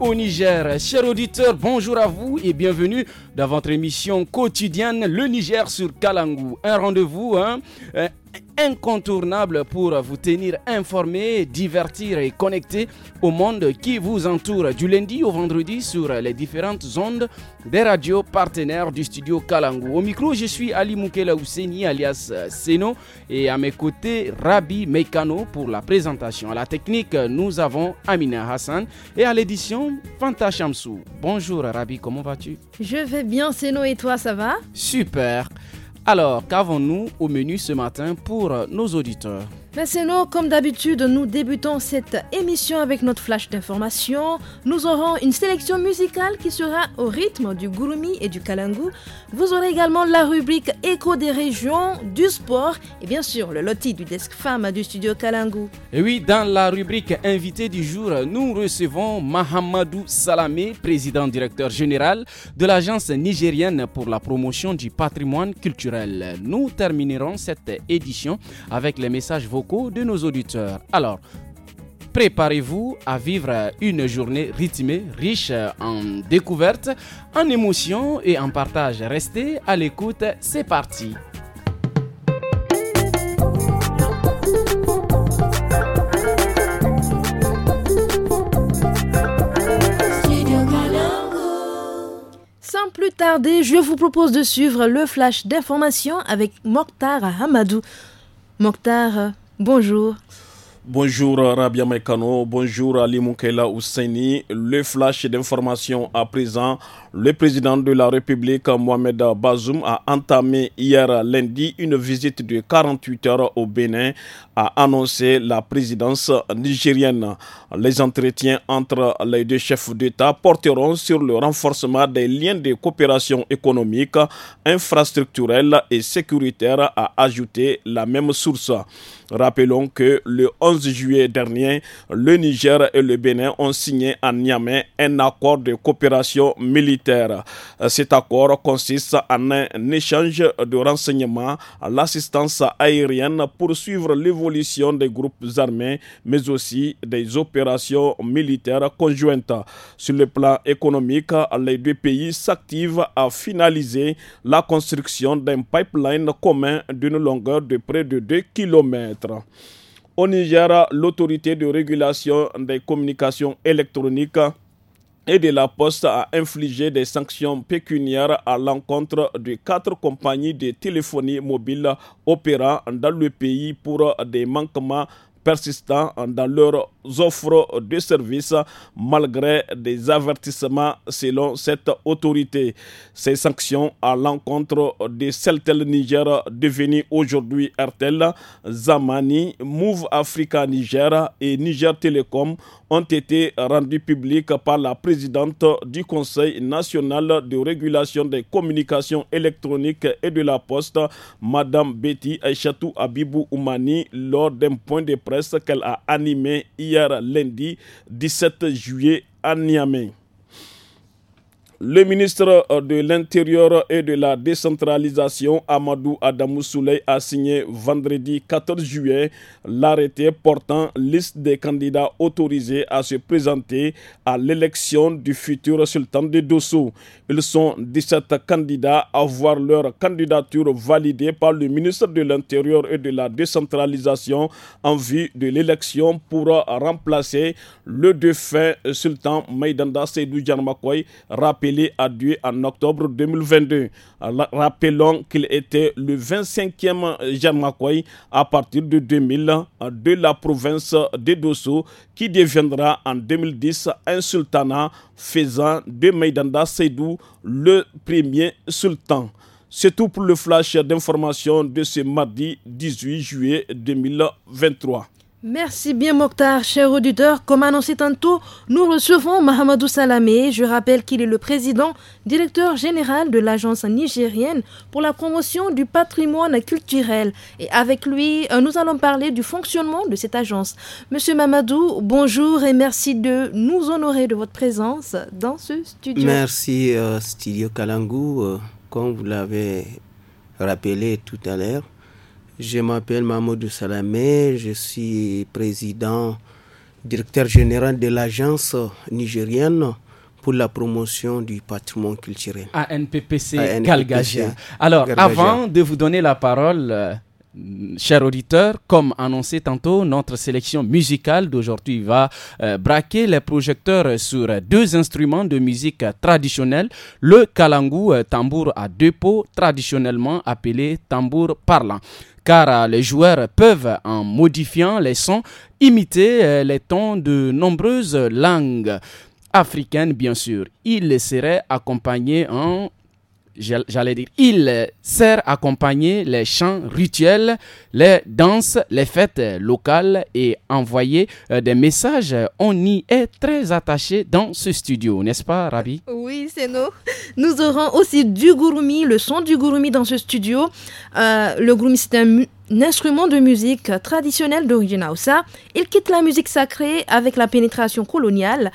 au Niger. Chers auditeurs, bonjour à vous et bienvenue dans votre émission quotidienne Le Niger sur Kalangou. Un rendez-vous hein, euh, incontournable pour vous tenir informé, divertir et connecter au monde qui vous entoure du lundi au vendredi sur les différentes ondes des radios partenaires du studio Kalangu. Au micro, je suis Ali Moukela Ouseni alias euh, Seno et à mes côtés Rabi Meikano pour la présentation. À la technique, nous avons Amina Hassan et à l'édition Fanta Chamsou. Bonjour Rabi, comment vas-tu Je vais bien Seno et toi, ça va Super. Alors, qu'avons-nous au menu ce matin pour nos auditeurs Maintenant, comme d'habitude, nous débutons cette émission avec notre flash d'information. Nous aurons une sélection musicale qui sera au rythme du gurumi et du kalangu. Vous aurez également la rubrique écho des régions, du sport et bien sûr le loti du desk femme du studio kalangu. Et oui, dans la rubrique invité du jour, nous recevons Mahamadou Salamé, président directeur général de l'agence nigérienne pour la promotion du patrimoine culturel. Nous terminerons cette édition avec les messages vocaux de nos auditeurs. Alors, préparez-vous à vivre une journée rythmée, riche en découvertes, en émotions et en partage. Restez à l'écoute, c'est parti. Sans plus tarder, je vous propose de suivre le flash d'information avec Mokhtar Hamadou. Mokhtar, Bonjour. Bonjour Rabia Mekano, bonjour Ali Moukela Le flash d'information à présent, le président de la République, Mohamed Bazoum, a entamé hier lundi une visite de 48 heures au Bénin, a annoncé la présidence nigérienne. Les entretiens entre les deux chefs d'État porteront sur le renforcement des liens de coopération économique, infrastructurelle et sécuritaire, a ajouté la même source. Rappelons que le 11 juillet dernier, le Niger et le Bénin ont signé à Niamey un accord de coopération militaire cet accord consiste en un échange de renseignements, l'assistance aérienne pour suivre l'évolution des groupes armés, mais aussi des opérations militaires conjointes. Sur le plan économique, les deux pays s'activent à finaliser la construction d'un pipeline commun d'une longueur de près de 2 km. Au Niger, l'autorité de régulation des communications électroniques et de la Poste a infligé des sanctions pécuniaires à l'encontre de quatre compagnies de téléphonie mobile opérant dans le pays pour des manquements persistants dans leur offres de services malgré des avertissements selon cette autorité. Ces sanctions à l'encontre de Celtel Niger devenu aujourd'hui RTL, Zamani, Move Africa Niger et Niger Telecom ont été rendues publiques par la présidente du Conseil national de régulation des communications électroniques et de la poste, Madame Betty Aïchatou Abibou Oumani, lors d'un point de presse qu'elle a animé hier lundi 17 juillet à Niamey. Le ministre euh, de l'Intérieur et de la Décentralisation, Amadou Adamou Souley, a signé vendredi 14 juillet l'arrêté portant liste des candidats autorisés à se présenter à l'élection du futur sultan de Dosso. Ils sont 17 candidats à voir leur candidature validée par le ministre de l'Intérieur et de la Décentralisation en vue de l'élection pour remplacer le défunt sultan Maïdanda Seydou Djarmakoy, Rapidement appelé à en octobre 2022. Rappelons qu'il était le 25e Jamakoy à partir de 2000 de la province de Dosso qui deviendra en 2010 un sultanat faisant de Maïdanda Seydou le premier sultan. C'est tout pour le flash d'information de ce mardi 18 juillet 2023. Merci bien Mokhtar, cher auditeur. Comme annoncé tantôt, nous recevons Mahamadou Salamé. Je rappelle qu'il est le président, directeur général de l'agence nigérienne pour la promotion du patrimoine culturel. Et avec lui, euh, nous allons parler du fonctionnement de cette agence. Monsieur Mahamadou, bonjour et merci de nous honorer de votre présence dans ce studio. Merci euh, Studio Kalangu. Euh, comme vous l'avez rappelé tout à l'heure, je m'appelle Mahmoud Salamé, je suis président, directeur général de l'agence nigérienne pour la promotion du patrimoine culturel. ANPPC, Alors, avant de vous donner la parole, euh, cher auditeur, comme annoncé tantôt, notre sélection musicale d'aujourd'hui va euh, braquer les projecteurs sur deux instruments de musique traditionnelle, le kalangou euh, tambour à deux pots, traditionnellement appelé tambour parlant car euh, les joueurs peuvent, en modifiant les sons, imiter euh, les tons de nombreuses langues africaines, bien sûr. Ils seraient accompagnés en j'allais dire, il sert à accompagner les chants rituels, les danses, les fêtes locales et envoyer euh, des messages. On y est très attaché dans ce studio, n'est-ce pas, Rabi Oui, c'est nous. Nous aurons aussi du gouroumi, le son du gouroumi dans ce studio. Euh, le gouroumi, c'est un, instrument de musique traditionnel d'origine Hausa. Il quitte la musique sacrée avec la pénétration coloniale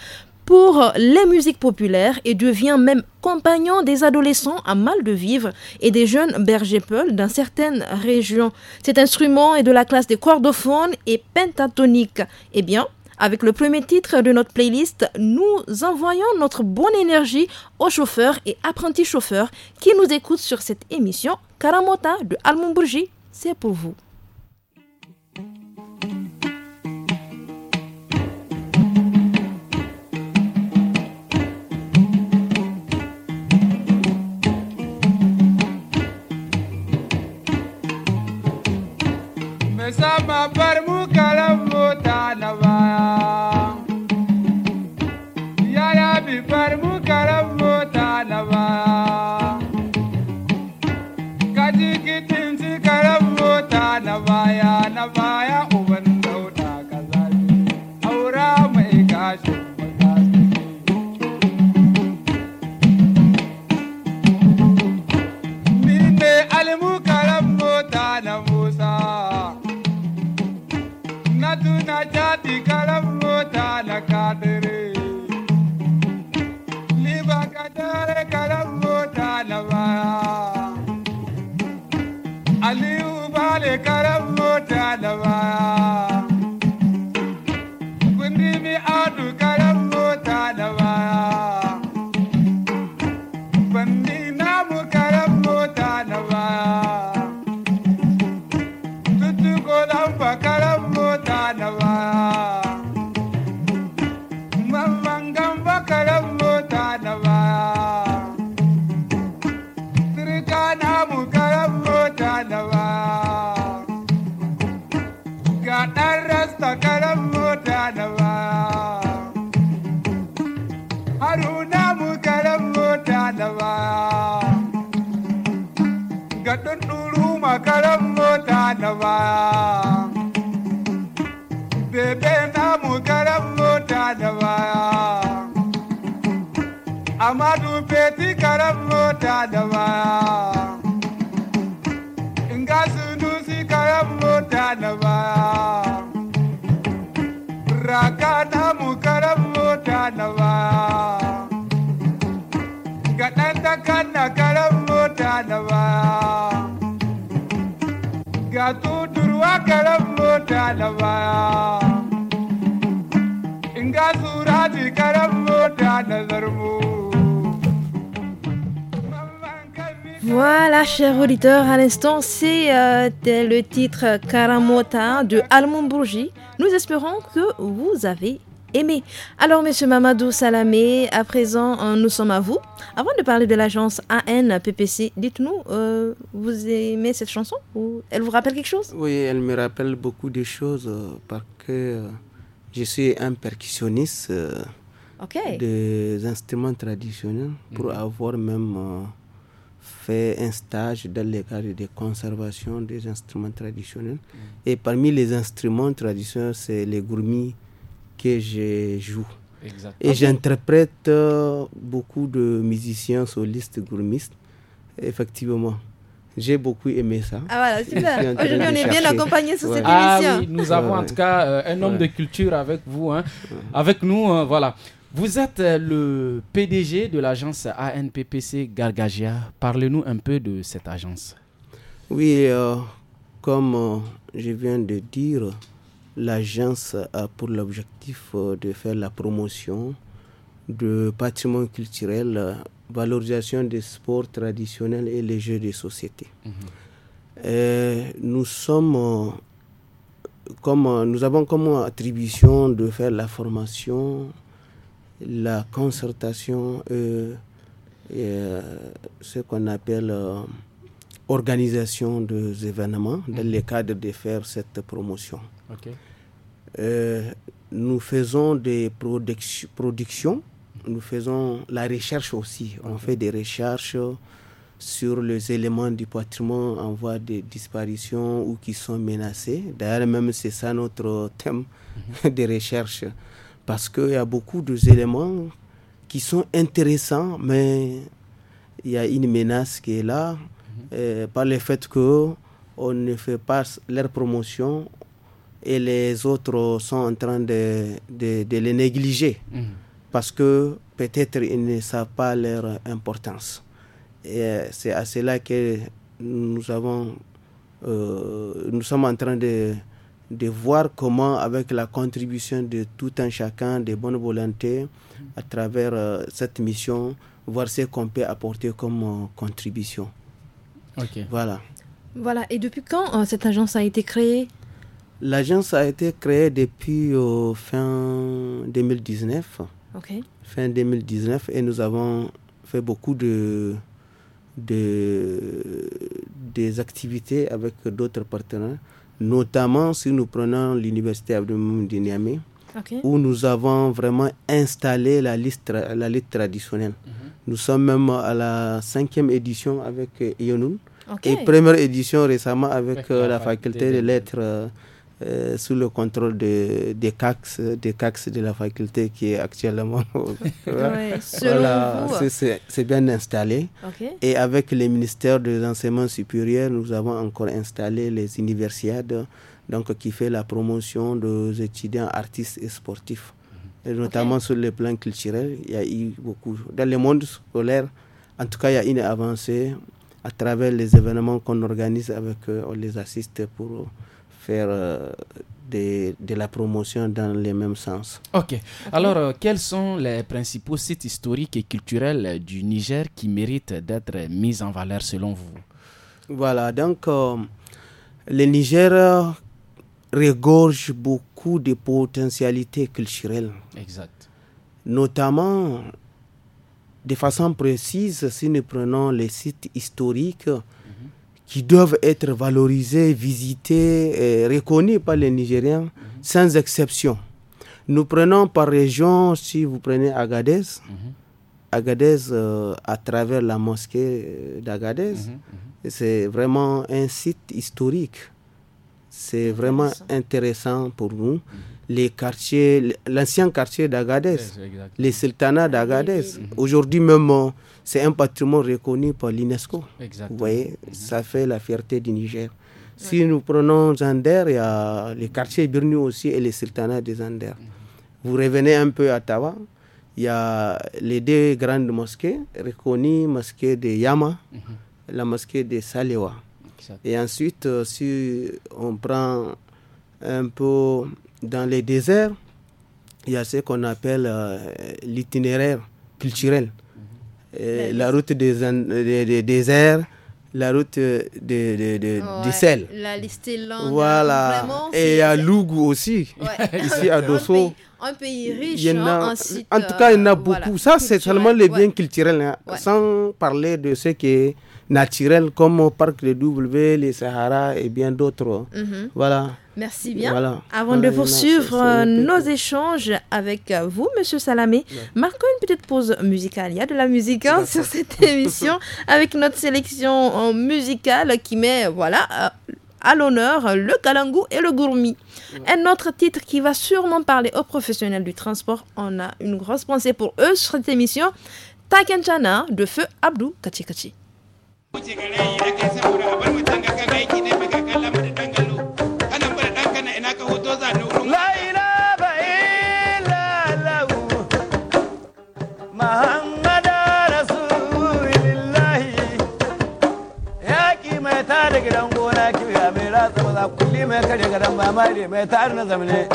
pour les musiques populaires et devient même compagnon des adolescents à mal de vivre et des jeunes bergers peuls dans certaines régions. Cet instrument est de la classe des cordophones et pentatoniques. Eh bien, avec le premier titre de notre playlist, nous envoyons notre bonne énergie aux chauffeurs et apprentis chauffeurs qui nous écoutent sur cette émission. Karamota de Almon C'est pour vous. Mesama bar mu kalan mota na l'instant, c'est euh, le titre Karamota de Almond Bourgie. Nous espérons que vous avez aimé. Alors, monsieur Mamadou Salamé, à présent, euh, nous sommes à vous. Avant de parler de l'agence ANPPC, dites-nous, euh, vous aimez cette chanson ou Elle vous rappelle quelque chose Oui, elle me rappelle beaucoup de choses parce que je suis un percussionniste des instruments traditionnels pour mhm. avoir même fait un stage dans le cadre de conservation des instruments traditionnels. Mm. Et parmi les instruments traditionnels, c'est les gourmis que je joue. Et j'interprète euh, beaucoup de musiciens solistes gourmistes, effectivement. J'ai beaucoup aimé ça. Ah voilà, super. Aujourd'hui, on est bien accompagné sur cette émission. Ah oui, nous avons en tout cas euh, un homme de culture avec vous, hein. avec nous, euh, voilà. Vous êtes euh, le PDG de l'agence ANPPC Gargagia. Parlez-nous un peu de cette agence. Oui, euh, comme euh, je viens de dire, l'agence a pour l'objectif de faire la promotion de patrimoine culturel, valorisation des sports traditionnels et les jeux de société. Mhm. nous sommes comme nous avons comme attribution de faire la formation la concertation, euh, et, euh, ce qu'on appelle euh, organisation des événements dans mhm. le cadre de faire cette promotion. nous faisons des productions, nous faisons la recherche aussi. On fait des recherches sur les éléments du patrimoine en voie de disparition ou qui sont menacés. D'ailleurs, même c'est ça notre thème mhm. de recherche parce qu'il y a beaucoup d'éléments qui sont intéressants, mais il y a une menace qui est là mhm. euh, par le fait que on ne fait pas leur promotion et les autres sont en train de, les négliger mhm. parce que peut-être ils ne savent pas leur importance. Et euh, c'est à cela que nous avons, euh, nous sommes en train de de voir comment, avec la contribution de tout un chacun, des bonnes volontés, à travers euh, cette mission, voir ce qu'on peut apporter comme euh, contribution. Ok. Voilà. Voilà. Et depuis quand euh, cette agence a été créée L'agence a été créée depuis fin 2019. Ok. Fin 2019. Et nous avons fait beaucoup de, de des activités avec d'autres partenaires notamment si nous prenons l'université de Niamey, où nous avons vraiment installé la liste, la traditionnelle. Mhm. Nous sommes même à la cinquième édition avec euh, Yonoun et première édition récemment avec, euh, la, faculté de des lettres. Euh, euh, sous le contrôle de, des CACS, des CACS de la faculté qui est actuellement. voilà, c'est bien installé. Et avec les ministères de l'enseignement supérieur, nous avons encore installé les universiades, donc qui fait la promotion des étudiants artistes et sportifs. Mhm. notamment sur le plan culturel, il y a eu beaucoup. Dans le monde scolaire, en tout cas, il y a une avancée à travers les événements qu'on organise avec euh, on les assiste pour faire euh, de, la promotion dans le mêmes sens. Ok. Alors, euh, quels sont les principaux sites historiques et culturels du Niger qui méritent d'être mis en valeur selon vous Voilà, donc euh, le Niger regorge beaucoup de potentialités culturelles. Exact. Notamment, de façon précise, si nous prenons les sites historiques, qui doivent être valorisés, visités, et reconnus par les Nigériens, sans exception. Nous prenons par région, si vous prenez Agadez, Agadez, euh, à travers la mosquée euh, d'Agadez, mhm, mhm. c'est vraiment un site historique. C'est vraiment intéressant pour nous. Les quartiers, l'ancien quartier d'Agadez, les sultanats d'Agadez. Mhm. Aujourd'hui même, euh, c'est un patrimoine reconnu par l'UNESCO. Vous voyez, mhm. ça fait la fierté du Niger. Si nous prenons Zander, il y a les quartiers Birnu aussi et les sultanats de Zander. Mhm. Vous revenez un peu à Tawa, il y a les deux grandes mosquées reconnues, mosquée de Yama, mhm. la mosquée de Salewa. Et ensuite, euh, si on prend un peu dans les déserts, il y a ce qu'on appelle euh, l'itinéraire culturel. Euh, la route des, des, déserts, la route euh, de, du sel. La liste est longue. Voilà. et à Lougou aussi, ici à Dosso. Un pays, riche, hein, en, tout cas, il y en a euh, beaucoup. Ça, c'est seulement les biens culturels, hein, sans parler de ce qui est naturel, comme au parc de W, les Sahara et bien d'autres. Hein. Mhm. Voilà. Merci bien. Avant de poursuivre nos échanges avec vous, Monsieur Salamé, marquons une petite pause musicale. Il y a de la musique sur cette émission avec notre sélection musicale qui met voilà à l'honneur le kalangu et le gourmi. Un autre titre qui va sûrement parler aux professionnels du transport. On a une grosse pensée pour eux sur cette émission. Takenchana de Feu Abdou Kachikachi. ما يتعرض من ايه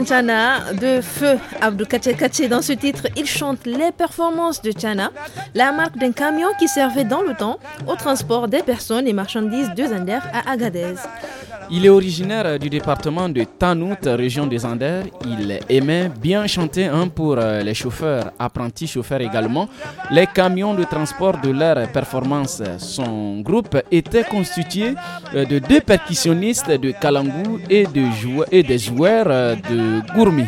de Feu Abdou Kaché Dans ce titre, il chante les performances de Chana, la marque d'un camion qui servait dans le temps au transport des personnes et marchandises de Zander à Agadez. Il est originaire du département de Tanout, région des Anders. Il aimait bien chanter un hein, pour euh, les chauffeurs, apprentis chauffeurs également, les camions de transport de leur performance. Son groupe était constitué euh, de deux percussionnistes de Kalangu et, de des joueurs euh, de Gourmi.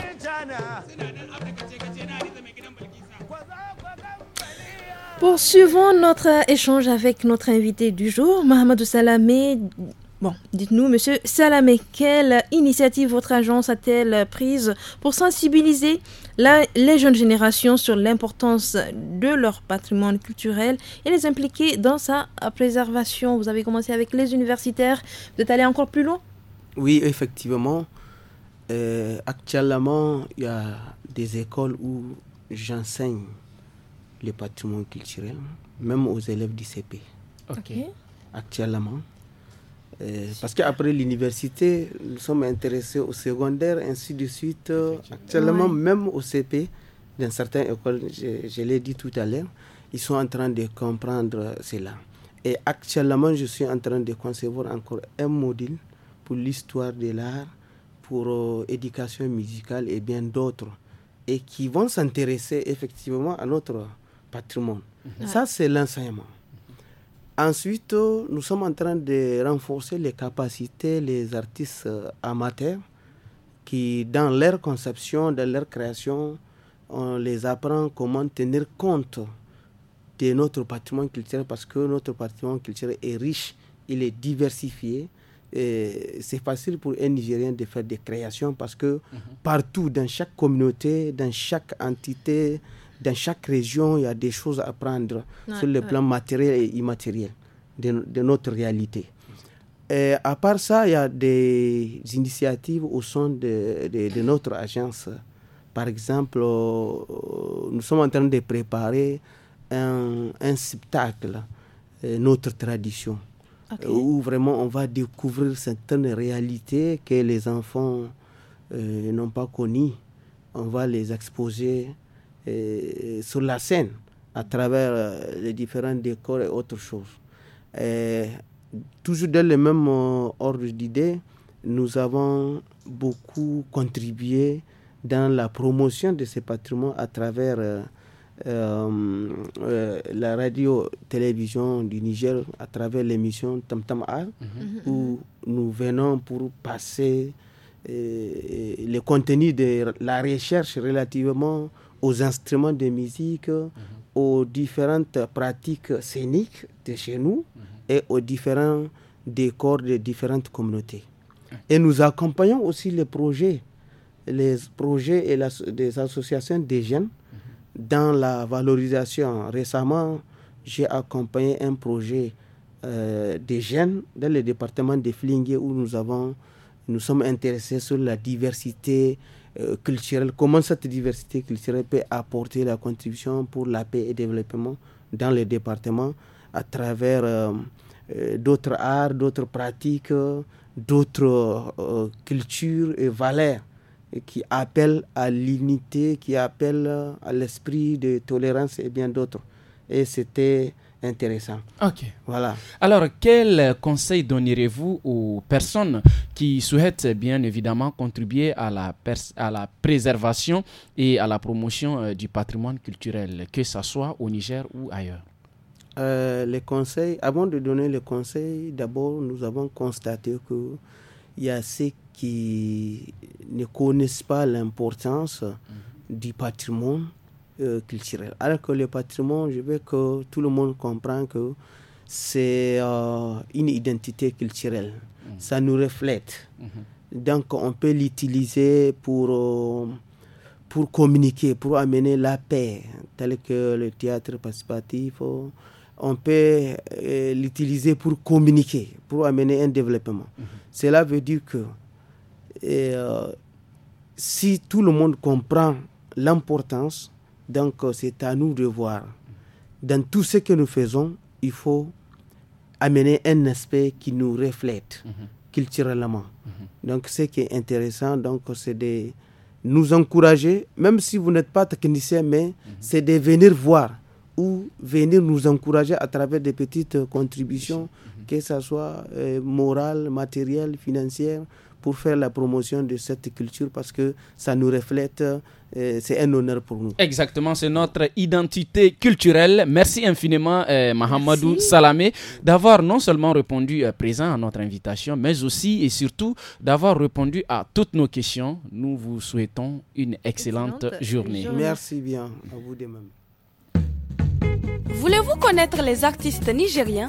Poursuivons notre échange avec notre invité du jour, Mohamed Salamé, Bon, dites-nous, monsieur Salamé, quelle initiative votre agence a-t-elle prise pour sensibiliser les jeunes générations sur l'importance de leur patrimoine culturel et les impliquer dans sa préservation Vous avez commencé avec les universitaires, vous êtes allé encore plus loin Oui, effectivement. Euh, actuellement, il y a des écoles où j'enseigne le patrimoine culturel, même aux élèves du CP. Ok. Actuellement. Euh, parce qu'après l'université, nous sommes intéressés au secondaire, ainsi de suite. actuellement, même au CP, dans certaines écoles, je, l'ai dit tout à l'heure, ils sont en train de comprendre cela. Et actuellement, je suis en train de concevoir encore un module pour l'histoire de l'art, pour l'éducation euh, éducation musicale et bien d'autres, et qui vont s'intéresser effectivement à notre patrimoine. Ça, c'est l'enseignement. Ensuite, nous sommes en train de renforcer les capacités des artistes euh, amateurs qui, dans leur conception, dans leur création, on les apprend comment tenir compte de notre patrimoine culturel parce que notre patrimoine culturel est riche, il est diversifié. C'est facile pour un Nigérien de faire des créations parce que mhm. partout, dans chaque communauté, dans chaque entité, dans chaque région, il y a des choses à prendre sur le plan matériel et immatériel de, notre réalité. Et à part ça, il y a des initiatives au sein de, notre agence. Par exemple, euh, nous sommes en train de préparer un, spectacle, euh, notre tradition, où vraiment on va découvrir certaines réalités que les enfants euh, n'ont pas connues. On va les exposer euh, sur la scène à travers euh, les différents décors et autres choses. toujours dans le même euh, ordre d'idées, nous avons beaucoup contribué dans la promotion de ces patrimoine à travers la radio-télévision du Niger, à travers l'émission Tam Tam mhm. Mhm. où nous venons pour passer le contenu de la recherche relativement aux instruments de musique, mhm. aux différentes pratiques scéniques de chez nous mhm. et aux différents décors de différentes communautés. Et nous accompagnons aussi les projets, les projets et la, des associations des jeunes mhm. dans la valorisation. Récemment, j'ai accompagné un projet euh, des jeunes dans le département de Flingue où nous avons nous sommes intéressés sur la diversité euh, comment cette diversité culturelle peut apporter la contribution pour la paix et le développement dans les départements à travers euh, euh, d'autres arts, d'autres pratiques, d'autres cultures et valeurs qui appellent à l'unité, qui appellent à l'esprit de tolérance et bien d'autres. Et c'était intéressant. Ok. Voilà. Alors, quel conseil donnerez-vous aux personnes qui souhaitent bien évidemment contribuer à la, à la préservation et à la promotion euh, du patrimoine culturel, que ce soit au Niger ou ailleurs euh, Les conseils, avant de donner les conseils, d'abord, nous avons constaté que y a ceux qui ne connaissent pas l'importance mm-hmm. du patrimoine euh, Alors que le patrimoine, je veux que tout le monde comprenne que c'est euh, une identité culturelle. Mm. Ça nous reflète. Mm-hmm. Donc on peut l'utiliser pour, euh, pour communiquer, pour amener la paix, tel que le théâtre participatif. On peut l'utiliser pour communiquer, pour amener un développement. Mm-hmm. Cela veut dire que si tout le monde comprend l'importance donc euh, c'est à nous de voir. Dans tout ce que nous faisons, il faut amener un aspect qui nous reflète mhm. culturellement. main mhm. Donc ce qui est intéressant, donc c'est de nous encourager, même si vous n'êtes pas technicien, mais mhm. c'est de venir voir ou venir nous encourager à travers des petites contributions, que ce soit moral, euh, morale, matérielle, financière, pour faire la promotion de cette culture parce que ça nous reflète, euh, c'est un honneur pour nous. Exactement, c'est notre identité culturelle. Merci infiniment, euh, Mahamadou Salamé, d'avoir non seulement répondu euh, présent à notre invitation, mais aussi et surtout d'avoir répondu à toutes nos questions. Nous vous souhaitons une excellente, journée. Merci bien, à vous Voulez-vous connaître les artistes nigériens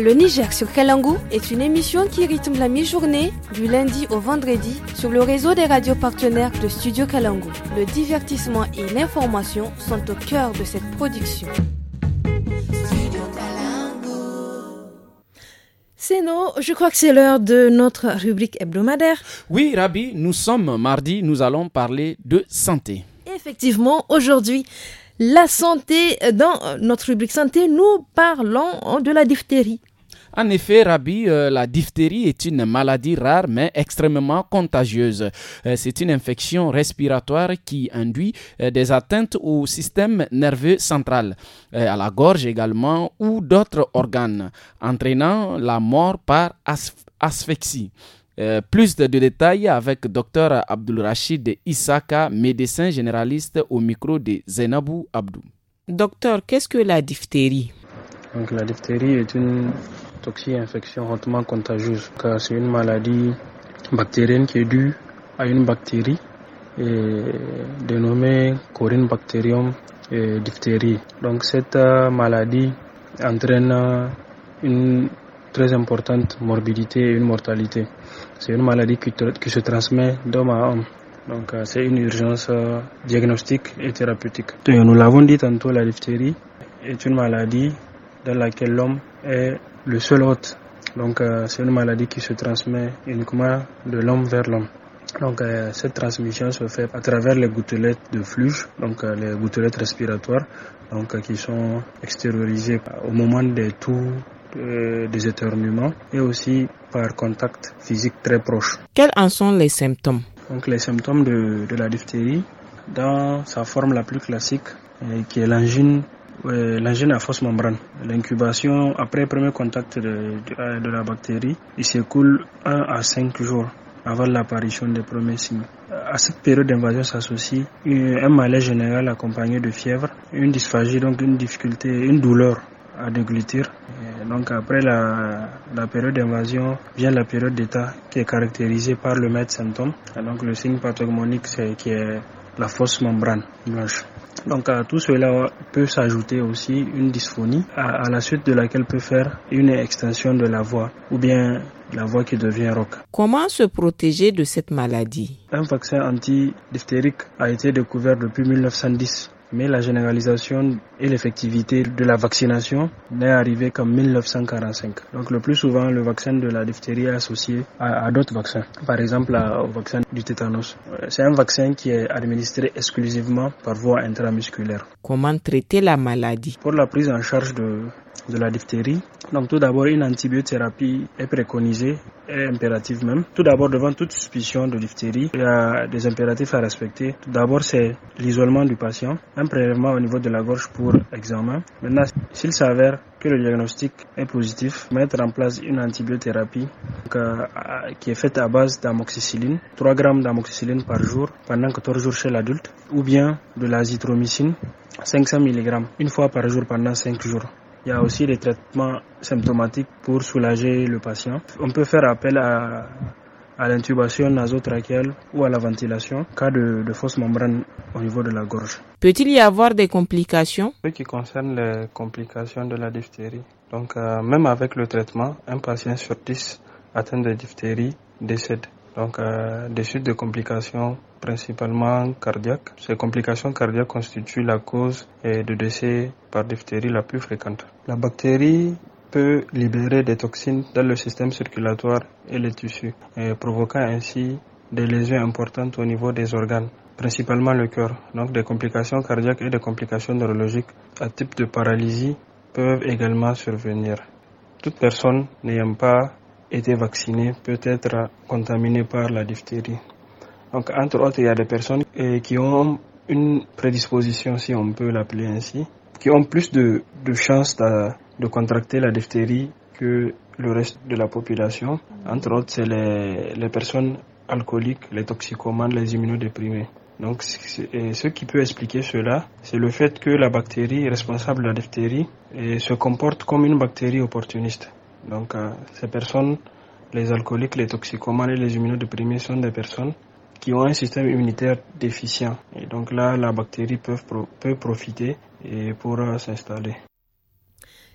Le Niger sur Kalangu est une émission qui rythme la mi-journée du lundi au vendredi sur le réseau des radios partenaires de Studio Kalangu. Le divertissement et l'information sont au cœur de cette production. C'est nous, je crois que c'est l'heure de notre rubrique hebdomadaire. Oui, Rabi, nous sommes mardi, nous allons parler de santé. Effectivement, aujourd'hui, la santé, dans notre rubrique santé, nous parlons de la diphtérie. En effet, Rabi, euh, la diphtérie est une maladie rare mais extrêmement contagieuse. Euh, c'est une infection respiratoire qui induit euh, des atteintes au système nerveux central, à la gorge également ou d'autres organes, entraînant la mort par asphyxie. plus de, détails avec Dr Rachid Issaka, médecin généraliste au micro de Zenabou Abdou. Docteur, qu'est-ce que la diphtérie Donc, La diphtérie est une infection hautement contagieuse, car c'est une maladie bactérienne qui est due à une bactérie et dénommée Corynebacterium diphtérie. Donc cette euh, maladie entraîne euh, une très importante morbidité et une mortalité. C'est une maladie qui, qui se transmet d'homme à homme. Donc euh, c'est une urgence diagnostique et thérapeutique. nous l'avons dit tantôt, la diphtérie est une maladie dans laquelle l'homme est le seul hôte. Donc euh, c'est une maladie qui se transmet uniquement de l'homme vers l'homme. Donc euh, cette transmission se fait à travers les gouttelettes de flux, donc euh, les gouttelettes respiratoires, donc qui sont extériorisées au moment des toux, des éternuements et aussi par contact physique très proche. Quels en sont les symptômes Donc les symptômes de, de la diphtérie, dans sa forme la plus classique, qui est l'angine L'ingène a à fausse membrane. L'incubation, après le premier contact euh, de, la bactérie, il s'écoule 1 à 5 jours avant l'apparition des premiers signes. À cette période d'invasion s'associe euh, un malaise général accompagné de fièvre, une dysphagie, donc une difficulté, une douleur à déglutir. donc après la, période d'invasion vient la période d'état qui est caractérisée par le maître symptôme. donc le signe pathognomonique c'est qui est la fausse membrane blanche. Donc à tout cela peut s'ajouter aussi une dysphonie à, la suite de laquelle peut faire une extension de la voix ou bien la voix qui devient rock. Comment se protéger de cette maladie Un vaccin anti-diphtérique a été découvert depuis 1910 mais la généralisation et l'effectivité de la vaccination n'est arrivée qu'en 1945. Donc le plus souvent, le vaccin de la diphtérie est associé à, d'autres vaccins, par exemple à, au vaccin du tétanos. Euh, c'est un vaccin qui est administré exclusivement par voie intramusculaire. Comment traiter la maladie Pour la prise en charge de, de la diphtérie. Donc tout d'abord, une antibiothérapie est préconisée, est impérative même. Tout d'abord, devant toute suspicion de diphtérie, il y a des impératifs à respecter. Tout d'abord, c'est l'isolement du patient, un prélèvement au niveau de la gorge pour examen. Maintenant, s'il s'avère que le diagnostic est positif, mettre en place une antibiothérapie euh, qui est faite à base d'amoxicilline, 3 grammes d'amoxicilline par jour pendant 14 jours chez l'adulte, ou bien de l'azithromycine, 500 mg, une fois par jour pendant 5 jours. Il y a aussi des traitements symptomatiques pour soulager le patient. On peut faire appel à, l'intubation nasotrachéale ou à la ventilation cas de, fausse membrane au niveau de la gorge. Peut-il y avoir des complications Ce qui concerne les complications de la diphtérie. Donc euh, même avec le traitement, un patient sur 10 atteint de diphtérie décède. Donc, euh, des suites de complications principalement cardiaques. Ces complications cardiaques constituent la cause de décès par diphtérie la plus fréquente. La bactérie peut libérer des toxines dans le système circulatoire et les tissus, et provoquant ainsi des lésions importantes au niveau des organes, principalement le cœur. Donc des complications cardiaques et des complications neurologiques à type de paralysie peuvent également survenir. Toute personne n'ayant pas été vacciné peut être contaminé par la diphtérie. Donc, entre autres, il y a des personnes euh, qui ont une prédisposition, si on peut l'appeler ainsi, qui ont plus de, chances de, contracter la diphtérie que le reste de la population. Entre autres, c'est les, les personnes alcooliques, les toxicomanes, les immunodéprimés. Donc, ce qui peut expliquer cela, c'est le fait que la bactérie responsable de la diphtérie euh, se comporte comme une bactérie opportuniste. Donc euh, ces personnes, les alcooliques, les toxicomanes et les immunodéprimés sont des personnes qui ont un système immunitaire déficient. Et donc là, la bactérie peut, profiter et pour euh, s'installer.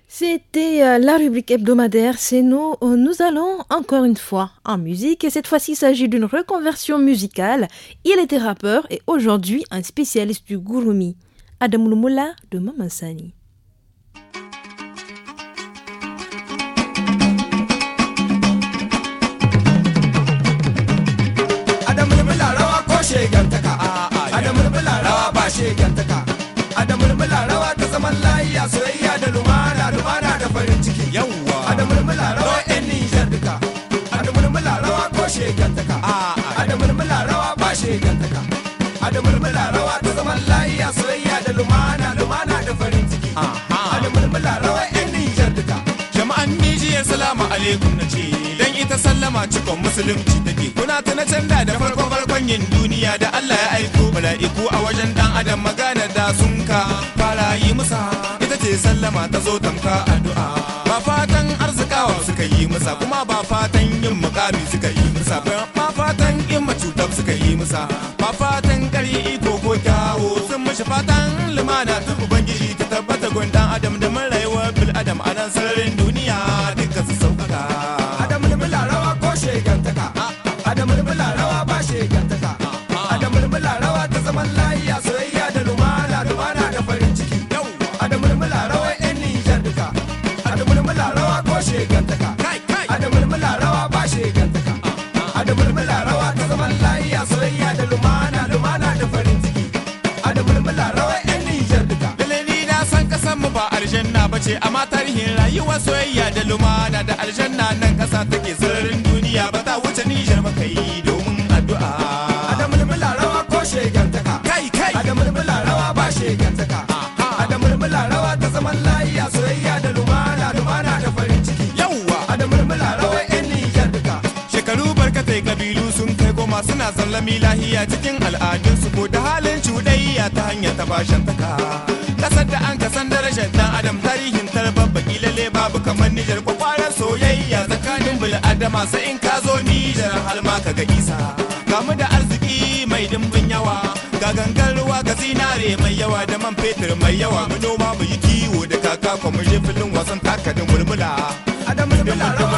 C'était euh, la rubrique hebdomadaire, c'est nous. Nous allons encore une fois en musique et cette fois-ci il s'agit d'une reconversion musicale. Il était rappeur et aujourd'hui un spécialiste du gouroumi, Adam Lumula de Mamansani. soyayya soyayya da lumana lumana da farin ciki yawwa a da mulmula rawa yan nijar duka a da mulmula rawa ko shegantaka a da mulmula rawa ba shegantaka a da mulmula rawa ta zaman lafiya soyayya da lumana lumana da farin ciki a da mulmula rawa yan nijar duka jama'an nijiyar salamu alaikum na ce ta sallama cikon musulunci take kuna ta na canda da farko farkon yin duniya da Allah ya aiko mala'iku a wajen dan adam magana da sun fara yi musa ita ce sallama ta zo tamka addu'a ba fatan arzikawa suka yi musa kuma ba fatan yin mukami suka yi musa ba fatan yin macutar suka yi musa ba fatan kari iko ko kyawo sun mishi fatan lumana ta ubangiji ta tabbata gwandan adam da mun rayuwar bil adam a nan sararin soyayya da lumana da aljanna nan kasa take sararin duniya ba ta wuce nijar ba yi domin addu'a adam mulmula rawa ko shegantaka kai kai adam mulmula rawa ba shegantaka adam mulmula rawa ta zaman layya soyayya da lumana lumana da farin ciki yawwa adam mulmula rawa in ni duka shekaru barkatai kabilu sun kai goma suna zallami lahiya cikin al'adunsu ko da halin cuɗayya ta hanyar taka kasar da an kasan darajar dan adam tarihi kamar Nijar kwakwaran soyayya tsakanin bil'adama sai in ka zo Nijar har ma ka ga isa kamu da arziki mai dimbin yawa ga gangan ruwa ga zinare mai yawa da man fetur mai yawa mu noma mu yi kiwo da kaka kuma filin wasan takadin mulmula adamu da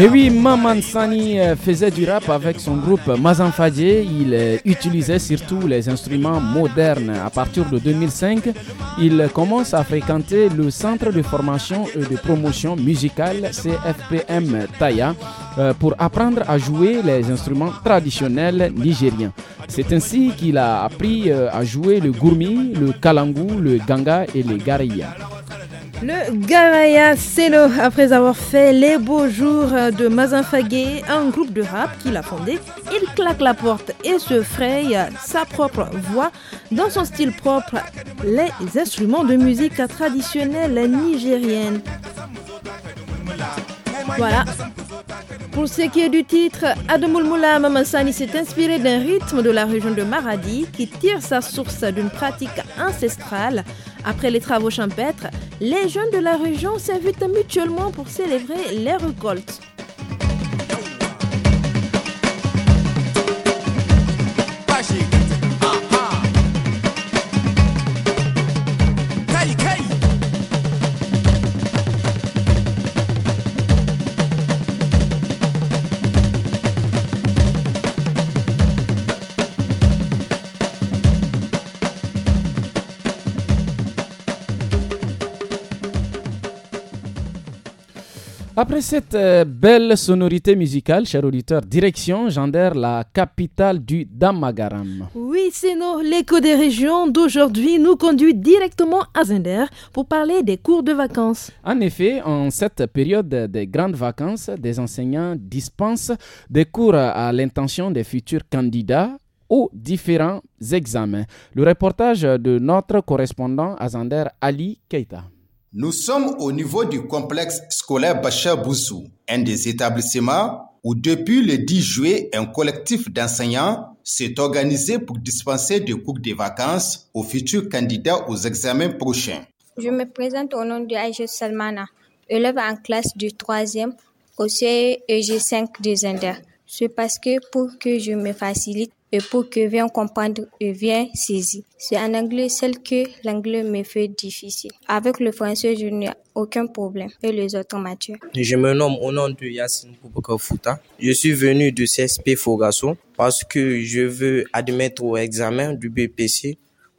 Et oui, Maman Sani euh, faisait du rap avec son groupe Mazan Il euh, utilisait surtout les instruments modernes. À partir de 2005, il commence à fréquenter le Centre de formation et de promotion musicale CFPM Taya euh, pour apprendre à jouer les instruments traditionnels nigériens. C'est ainsi qu'il a appris à jouer le gourmi, le kalangu, le ganga et les gariya. Le Garaya Selo, après avoir fait les beaux jours euh, de Mazinfagé, un groupe de rap qu'il a fondé, il claque la porte et se fraye sa propre voix dans son style propre, les instruments de musique traditionnelle nigérienne. Voilà, pour ce qui est du titre, Ademoulmoula Moula s'est inspiré d'un rythme de la région de Maradi qui tire sa source d'une pratique ancestrale. Après les travaux champêtres, les jeunes de la région s'invitent mutuellement pour célébrer les récoltes. Après cette euh, belle sonorité musicale, cher auditeur, direction gendaire la capitale du Damagaram. Oui, c'est nous, l'écho des régions d'aujourd'hui nous conduit directement à Zender pour parler des cours de vacances. En effet, en cette période des grandes vacances, des enseignants dispensent des cours à l'intention des futurs candidats aux différents examens. Le reportage de notre correspondant à Zender, Ali Keita. Nous sommes au niveau du complexe scolaire Bachar Boussou, un des établissements où depuis le 10 juillet, un collectif d'enseignants s'est organisé pour dispenser des cours de vacances aux futurs candidats aux examens prochains. Je me présente au nom de Aïcha Salmana, élève en classe du 3e au CEG5 des Indes. C'est parce que pour que je me facilite et pour que vienne comprendre et vienne saisir. C'est en anglais celle que l'anglais me fait difficile. Avec le français, je n'ai aucun problème et les autres matières. Je me nomme au nom de Yassine Je suis venu de CSP Fogasso parce que je veux admettre au examen du BPC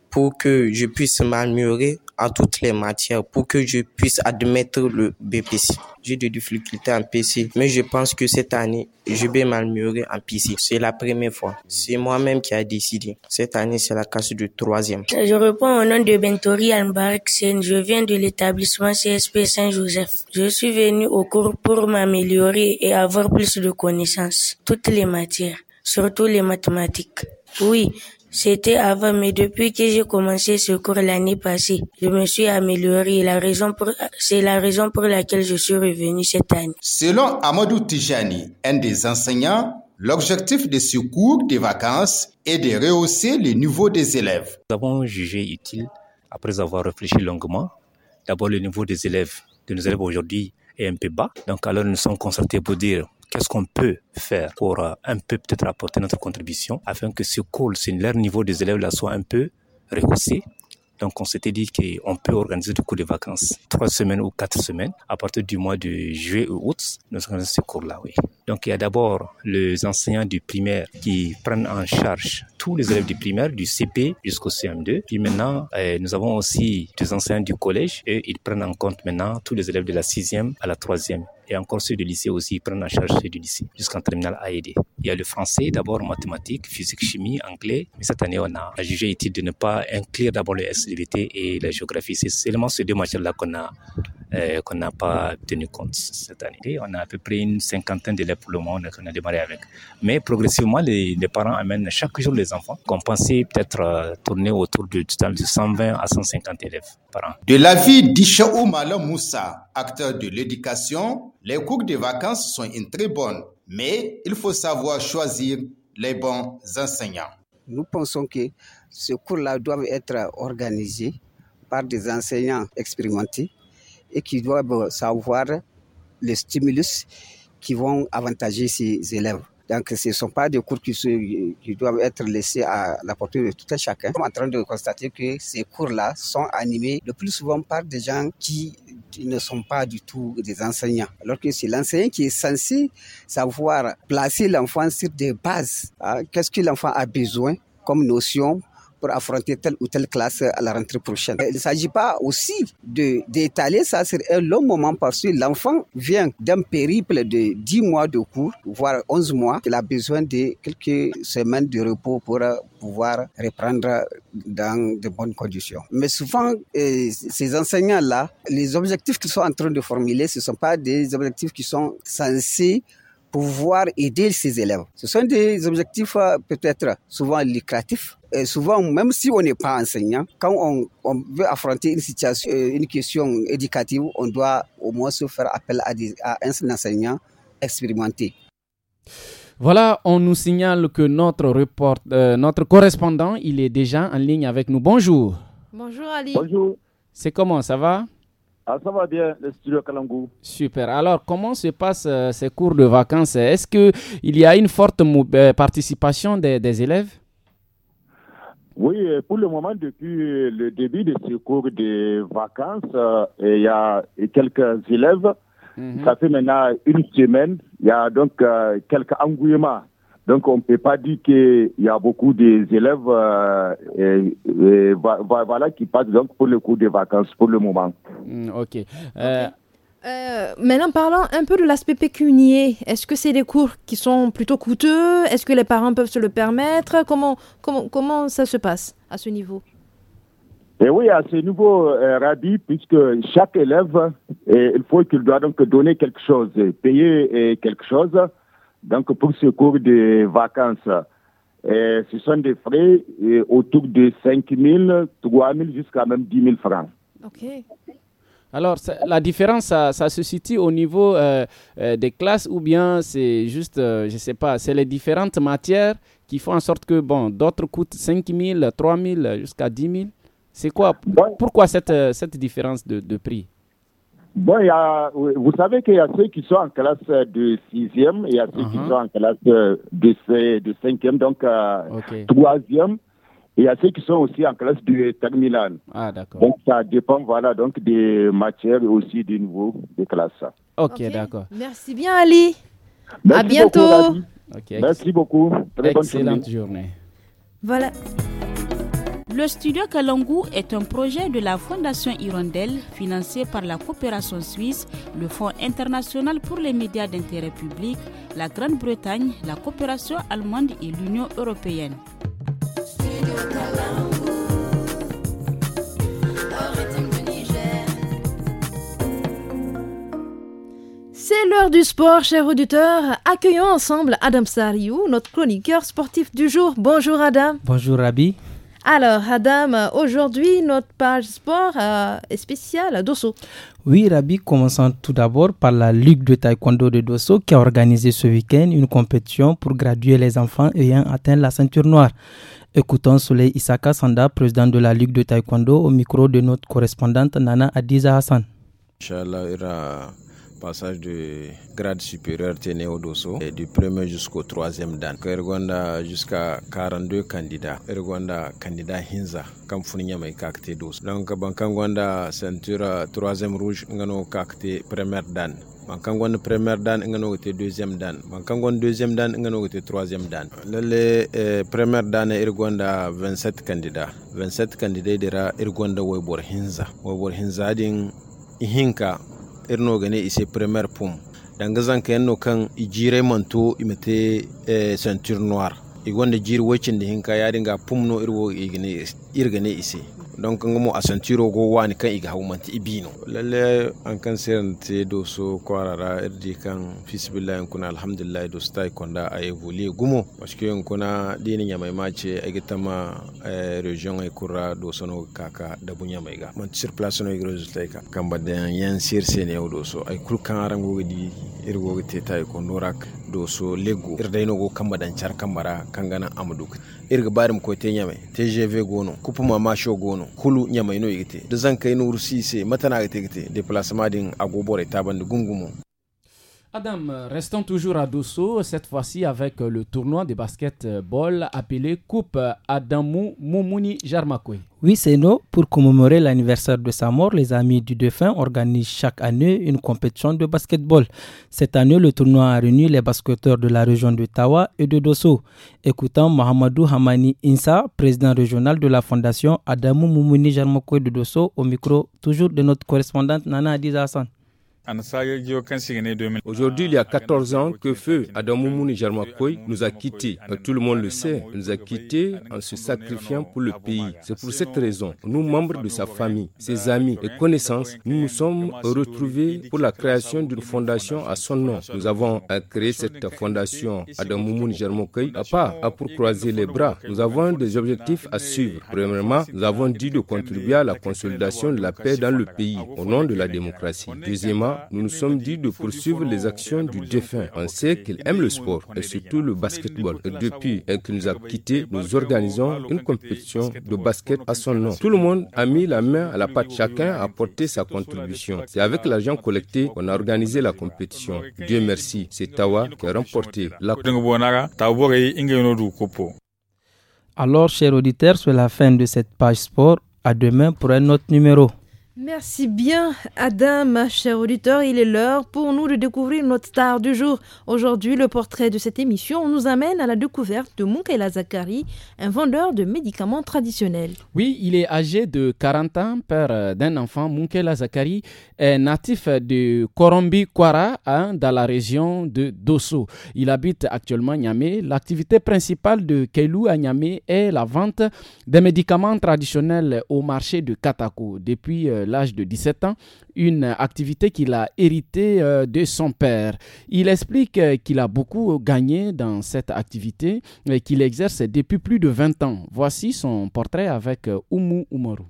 pour que je puisse m'améliorer en toutes les matières, pour que je puisse admettre le BPC. J'ai des difficultés en PC, mais je pense que cette année, je vais m'améliorer en PC. C'est la première fois. C'est moi-même qui a décidé. Cette année, c'est la classe de troisième. Je réponds au nom de Bentori Albarksen. Je viens de l'établissement CSP Saint-Joseph. Je suis venu au cours pour m'améliorer et avoir plus de connaissances. Toutes les matières, surtout les mathématiques. Oui, c'était avant, mais depuis que j'ai commencé ce cours l'année passée, je me suis amélioré. La c'est la raison pour laquelle je suis revenu cette année. Selon Amadou Tijani, un des enseignants, l'objectif de ce cours de vacances est de rehausser le niveau des élèves. Nous avons jugé utile, après avoir réfléchi longuement, d'abord le niveau des élèves, que nos élèves aujourd'hui est un peu bas. Donc alors nous sommes concertés pour dire qu'est-ce qu'on peut faire pour euh, un peu peut-être apporter notre contribution afin que ce cours, c'est leur niveau des élèves là soit un peu rehaussé. Donc on s'était dit qu'on peut organiser du cours de vacances, trois semaines ou quatre semaines, à partir du mois de juillet ou août, nous organisons ce cours-là, oui. Donc il y a d'abord les enseignants du primaire qui prennent en charge tous les élèves du primaire, du CP jusqu'au CM2. Puis maintenant, euh, nous avons aussi des enseignants du collège et ils prennent en compte maintenant tous les élèves de la sixième à la troisième et encore ceux du lycée aussi, ils prennent en charge ceux du lycée jusqu'en terminale AED. Il y a le français, d'abord mathématiques, physique, chimie, anglais. Mais cette année, on a jugé utile de ne pas inclure d'abord le SDVT et la géographie. C'est seulement ces deux matières-là qu'on a euh, qu'on n'a pas tenu compte cette année. on a à peu près une cinquantaine d'élèves pour le monde qu'on a démarré avec. Mais progressivement, les, parents amènent chaque jour les enfants qu'on pensait peut-être euh, tourner autour du total de 120 à 150 élèves par an. De l'avis d'Ishaou Malam Moussa, acteurs de l'éducation, les cours de vacances sont une très bonne, mais il faut savoir choisir les bons enseignants. Nous pensons que ces cours-là doivent être organisés par des enseignants expérimentés et qui doivent savoir les stimulus qui vont avantager ces élèves. Donc, ce ne sont pas des cours qui, doivent être laissés à la portée de tout un chacun. On est en train de constater que ces cours-là sont animés le plus souvent par des gens qui ne sont pas du tout des enseignants. Alors que c'est l'enseignant qui est censé savoir placer l'enfant sur des bases. Ah, qu'est-ce que l'enfant a besoin comme notion pour affronter telle ou telle classe à la rentrée prochaine. Il ne s'agit pas aussi d'étaler ça sur un long moment parce que l'enfant vient d'un périple de 10 mois de cours, voire 11 mois, Il a besoin de quelques semaines de repos pour pouvoir reprendre dans de bonnes conditions. Mais souvent, euh, ces enseignants-là, les objectifs qu'ils sont en train de formuler, ce ne sont pas des objectifs qui sont censés pouvoir aider ses élèves. Ce sont des objectifs euh, peut-être souvent lucratifs. Et souvent, même si on n'est pas enseignant, quand on, veut affronter une situation, euh, une question éducative, on doit au moins se faire appel à, un enseignant expérimenté. Voilà, on nous signale que notre, euh, notre correspondant, il est déjà en ligne avec nous. Bonjour. Bonjour Ali. Bonjour. C'est comment, ça va ah, ça va bien, le studio Kalangou. Super. Alors, comment se passent euh, ces cours de vacances Est-ce qu'il y a une forte euh, participation des, élèves Oui, euh, pour le moment, depuis le début de ce cours de vacances, il y a quelques élèves. Mhm. Ça fait maintenant une semaine. Il y a donc quelques engouillements donc on ne peut pas dire qu'il y a beaucoup d'élèves euh, voilà, qui passent donc pour le cours des vacances pour le moment. Hmm, euh, ok. Euh... maintenant, parlons un peu de l'aspect pécunier. Est-ce que c'est des cours qui sont plutôt coûteux Est-ce que les parents peuvent se le permettre comment, comment, comment ça se passe à ce niveau et eh oui, à ce niveau, euh, Rabi, puisque chaque élève, eh, il faut qu'il doit donc donner quelque chose, payer eh, quelque chose. Donc pour ce cours de vacances, euh, ce sont des frais euh, autour de 5 000, 3 000 jusqu'à même 10 000 francs. OK. Alors, la différence, ça, se situe au niveau euh, des classes ou bien c'est juste, je ne sais pas, c'est les différentes matières qui font en sorte que, bon, d'autres coûtent 5 000, 3 000, jusqu'à 10 000. C'est quoi Pourquoi cette, cette différence de prix Bon, y a, vous savez qu'il y a ceux qui sont en classe euh, de 6e, il y a ceux qui uh-huh. sont en classe euh, de, 5e, donc euh, troisième, et 3e. Il y a ceux qui sont aussi en classe de terminale. Ah, d'accord. Donc, ça dépend, voilà, donc des matières et aussi du niveaux des classes Ok, d'accord. Merci bien, Ali. Merci bientôt. Merci beaucoup. Très Excellente bonne journée. journée. Voilà. Le studio Kalangu est un projet de la Fondation Hirondelle financé par la coopération suisse, le Fonds international pour les médias d'intérêt public, la Grande-Bretagne, la coopération allemande et l'Union européenne. C'est l'heure du sport, chers auditeurs. Accueillons ensemble Adam Sariou, notre chroniqueur sportif du jour. Bonjour Adam. Bonjour Rabi. Alors, Adam, aujourd'hui, notre page sport euh, est spéciale à Dosso. Oui, Rabi, commençons tout d'abord par la Ligue de Taekwondo de Dosso qui a organisé ce week-end une compétition pour graduer les enfants ayant atteint la ceinture noire. Écoutons Soleil Isaka Sanda, président de la Ligue de Taekwondo, au micro de notre correspondante Nana Adiza Hassan passage de grade supérieur Ténéo Dosso et du premier jusqu'au troisième dan. Rwanda jusqu'à 42 candidats. Rwanda candidat Hinza kam mai e kakte Dosso. Donc bankan Rwanda ceinture troisième rouge ngano kakte premier dan. ban gwanda premier dan Ngano était deuxième dan bankan gwanda deuxième dan Ngano était troisième dan le eh, premier dan ir 27 candidats 27 candidats dira ir gwanda hinza Webor hinza din ihinka irno gane ise premier pom danga ka yanno kan ijire manto imete eh, ceinture noire igonda jiri wacin da hinka ya dinga pum no irwo irgane ise donc ngomo a ciro go wani kan iga hawmanti ibino lalle an kan sayan te do so kwarara irdi kan fisbillah kuna alhamdulillah do yi konda a evoli gumo parce que kuna dini nya mai mace a ma eh, region ay kura do sono kaka da bunya mai ga man sur place no igro zutay ka kan badan yan sir sene do so ay kul kan arango di irgo te tay ko norak do so lego irdayno go kan badan char kan bara kan gana amadu irga barim ko te nyame tgv gono kupuma ma sho gono kulu nyame no igite da zan kai no rusi se matana gite gite déplacement din agobore tabandu gungumu Adam, restons toujours à Dosso, cette fois-ci avec euh, le tournoi de basket-ball appelé Coupe Adamou Moumouni Jarmakoué. Oui, c'est nous. Pour commémorer l'anniversaire de sa mort, les amis du défunt organisent chaque année une compétition de basket-ball. Cette année, le tournoi a réuni les basketteurs de la région de Tawa et de Dosso. Écoutons Mohamedou Hamani Insa, président régional de la fondation Adamou Moumouni Jarmakoué de Dosso, au micro toujours de notre correspondante Nana Adiza Hassan. Aujourd'hui, il y a 14 ans que feu Adam Mouni nous a quittés. Tout le monde le sait. Il nous a quittés en se sacrifiant pour le pays. C'est pour cette raison, nous, membres de sa famille, ses amis et connaissances, nous nous sommes retrouvés pour la création d'une fondation à son nom. Nous avons créé cette fondation Adam Moumouni Germakoy à pas pour croiser les bras. Nous avons des objectifs à suivre. Premièrement, nous avons dit de contribuer à la consolidation de la paix dans le pays au nom de la démocratie. Deuxièmement, nous nous sommes dit de poursuivre les actions du défunt. On sait qu'il aime le sport et surtout le basketball. Et depuis hein, qu'il nous a quittés, nous organisons une compétition de basket à son nom. Tout le monde a mis la main à la pâte. Chacun a apporté sa contribution. C'est avec l'argent collecté qu'on a organisé la compétition. Dieu merci, c'est Tawa qui a remporté la Alors, chers auditeurs, c'est la fin de cette page sport. À demain pour un autre numéro. Merci bien, Adam, ma chère auditeur. Il est l'heure pour nous de découvrir notre star du jour. Aujourd'hui, le portrait de cette émission nous amène à la découverte de Munkela Zakari, un vendeur de médicaments traditionnels. Oui, il est âgé de 40 ans, père euh, d'un enfant. Munkela Zakari est natif de Korombi Kwara, hein, dans la région de Dosso. Il habite actuellement Niamey. L'activité principale de Kelou à Niamey est la vente des médicaments traditionnels au marché de Katako. Depuis euh, l'âge de 17 ans, une activité qu'il a héritée euh, de son père. Il explique euh, qu'il a beaucoup gagné dans cette activité qu'il exerce depuis plus de 20 ans. Voici son portrait avec euh, Oumu Umaru.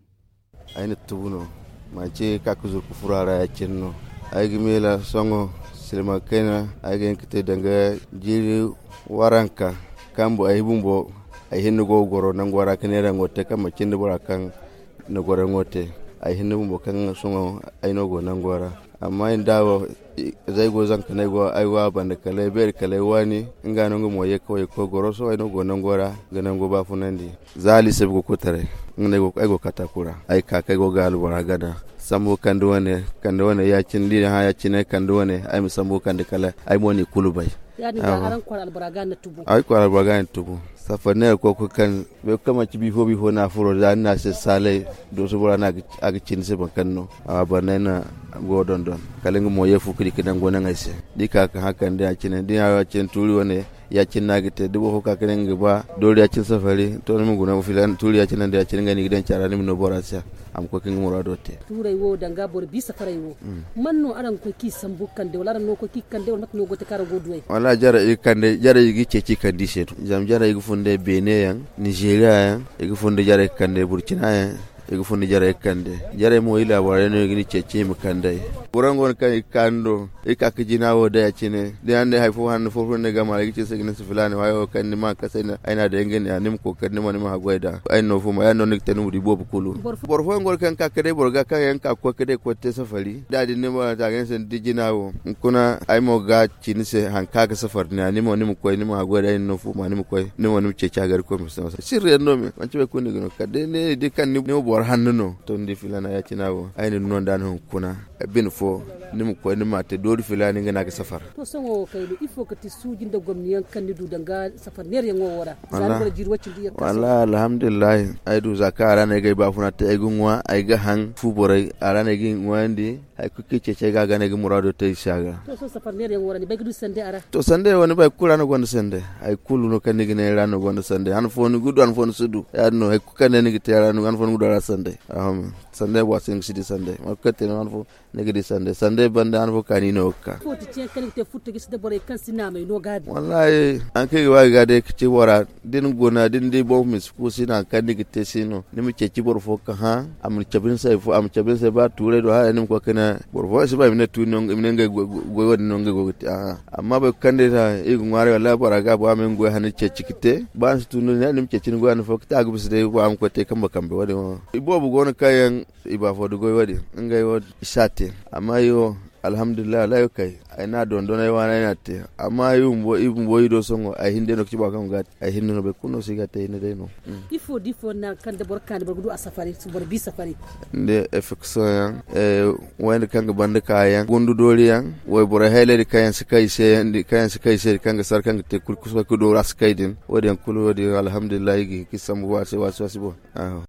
a hinnu mu kan sunan aino go nan gora amma in dawo zai go zan kanai go aiwa banda kale ber kale wani in ga nan go moye ko ko goro so aino go nan gora ga nan go ba funandi zali se tare kutare ne go ai go katakura ai ka kai go galu bara gada sambu kanduwane kanduwane ya cin cindi ha ya cine kanduwane ay mi sambu kandi kala ay moni kulubay yani ga aran kwar albaraga na tubu ay kwar albaraga na tubu safa ne ko ko kan be kama ci bifo bifo na furo da na se sale do so bora na ag cin se ban kanno a banana go don don kalen mo yefu kri kidan go na ngase dika ka hakan da cine din ya cin turi wane ya cin nagite dubo ko ka kidan gaba dole ya cin safari to mun guna filan turi ya cin da ya cin ngani gidan cara ni no borasa am ko ngumoro do te turai wo danga bor bisa farai wo mm. manno aran ko ki sambu kande wala no ko ki kande wala no gote kara godwe wala jara i kande jara i gice ci kandi setu jam jara i funde bene yang nigeria yan i funde jara kande burkina yan igi fundi jare kande jare mo ila ware no gini cheche mi kande burangon kan kando ika kijina wo da chine de ande hay fu han fu ne gama igi cece gini sifilani wa yo kande ma kase na aina da ngene anim ko kande ma ni ma gweda ay no fu ma ay no nik tanu di bobu kulu bor fu ngor kan kak de bor ga kan yan kak ko kede ko te safari da di ne ma ta gani sen di jina wo kuna ay mo ga cini se han kak safar ni ani mo ni mo ko ni ma gweda ay no fu ma ni mo ko ni mo ni cece gar ko mi sa sirre no mi wanci be kunni gino kade ne di kan ni bo no hannuno di filana ya ay ayni non dan hon kuna e bin fo nim ko ni mate dodu filani ngana ke safar to sango kaydo il faut que ti suji da gomni yan kan du danga safar ner ngo wora zan ko jir wacin di wala alhamdulillah ay du zakara ne gay ba funa ta egunwa ay ga han fu borai arane gi ngwandi hay kuki cece ga gane gi murado tay saga to so safar ba yang warani baygu sende ara to sende woni bay kulano gon sende ay kulu no kan gi ne rano gon sende an fonu gudu an fonu sudu ya no ay kukane ni gi terano an fonu gudu ara sende amen sande wa sen city sande ma ka te nan fo ne gidi sande sande bande an fo kani no ka fo ti chen kan te futte gis de bore kan sina mai no gadi wallahi an ke wa gade ci wara din gona din de bo mis ku sina kan ni gite sino ni mi ce ci bor fo ka ha am chabin sai fo am chabin sai ba ture do ha ni ko kana bor ba mi ne tu no mi ne go go no go ta amma ba kan de ta e ngware wallahi ga ba men go hanin ce ci kite ba su tu no ni ce ci go an fo ta gubis de ko am ko te kan ba kan be wadi ibo bu kayan iba fo dugo wadi ngai wo shate amma yo alhamdulillah la kai. ay na don don ay wana na te amma yu mbo ibu mbo ido songo ay hinde no kiba kam gat ay hinde no be kuno siga te ne de no mm. di difo na kan de bor kan bor du asafari su bor bi safari de efekso yan e wani kan ga bande yan. gundu dori yan way bor hele de kayan se kai se yan de kayan se kai se kan ga sar kan ga te kusa ko do ras kai din wodi an kulo wodi alhamdulillah gi kisam wa se wa se bo ah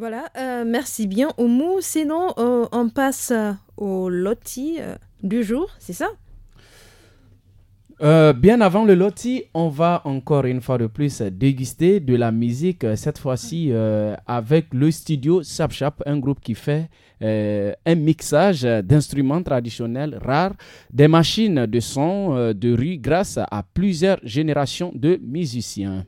Voilà, euh, merci bien Oumu Sinon, euh, on passe euh, au loti du jour, c'est ça bien avant le loti, on va encore une fois de plus déguster de la musique, cette fois-ci avec le studio Sapchap, un groupe qui fait un mixage d'instruments traditionnels rares, des machines de son de rue grâce à plusieurs générations de musiciens.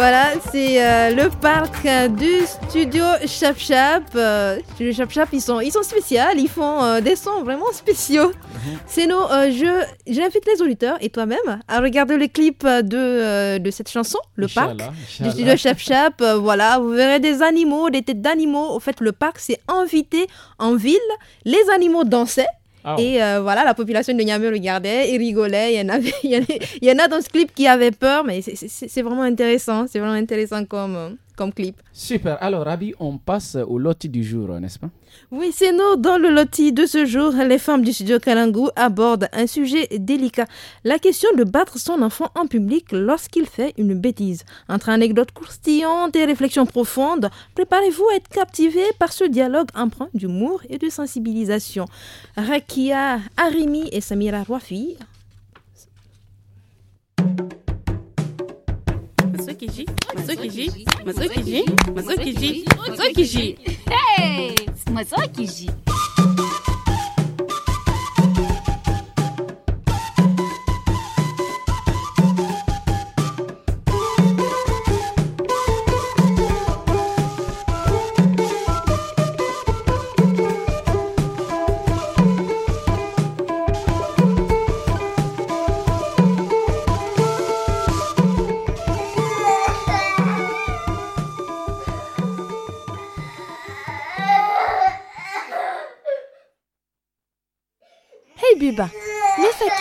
Voilà, c'est euh, le parc euh, du studio Chap Chap. Euh, studio Chap ils sont, ils sont spéciaux, ils font des sons vraiment spéciaux. Mhm. C'est nos jeux. J'invite les auditeurs et toi-même à regarder le clip de, de cette chanson, le parc du studio Chap voilà, vous verrez des animaux, des têtes d'animaux. Au fait, le parc s'est invité en ville. Les animaux dansaient. Ah et euh, voilà, la population de Niamey regardait et rigolait. Il y, en il, y en a, il y en a dans ce clip qui avaient peur, mais c'est vraiment intéressant. C'est vraiment intéressant comme, euh, clip. Super. Alors, Rabi, on passe au loti du jour, n'est-ce pas Oui, c'est nous. Dans le loti de ce jour, les femmes du studio Kalangu abordent un sujet délicat. La question de battre son enfant en public lorsqu'il fait une bêtise. Entre anecdotes croustillantes et réflexions profondes, préparez-vous à être captivé par ce dialogue empreint d'humour et de sensibilisation. Rakia Arimi et Samira Roifi. matso ki ji matso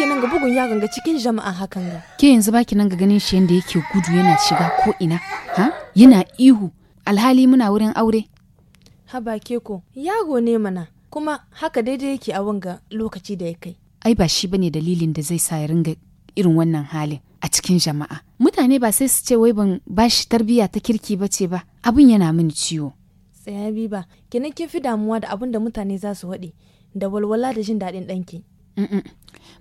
nan ga bugun ya ga cikin jama'a hakan ga ke yanzu baki nan ga ganin shi yanda yake gudu yana shiga ko ina ha yana ihu alhali muna wurin aure haba ke ko yago ne mana kuma haka daidai yake a wanga lokaci da ya kai ai ba shi bane dalilin da zai sa ya ringa irin wannan halin a cikin jama'a mutane ba sai su ce wai ban bashi tarbiyya ta kirki ba ce ba abin yana mini ciwo tsaya ba kenan kin fi damuwa da abin da mutane za su waɗe da walwala da jin daɗin ɗanki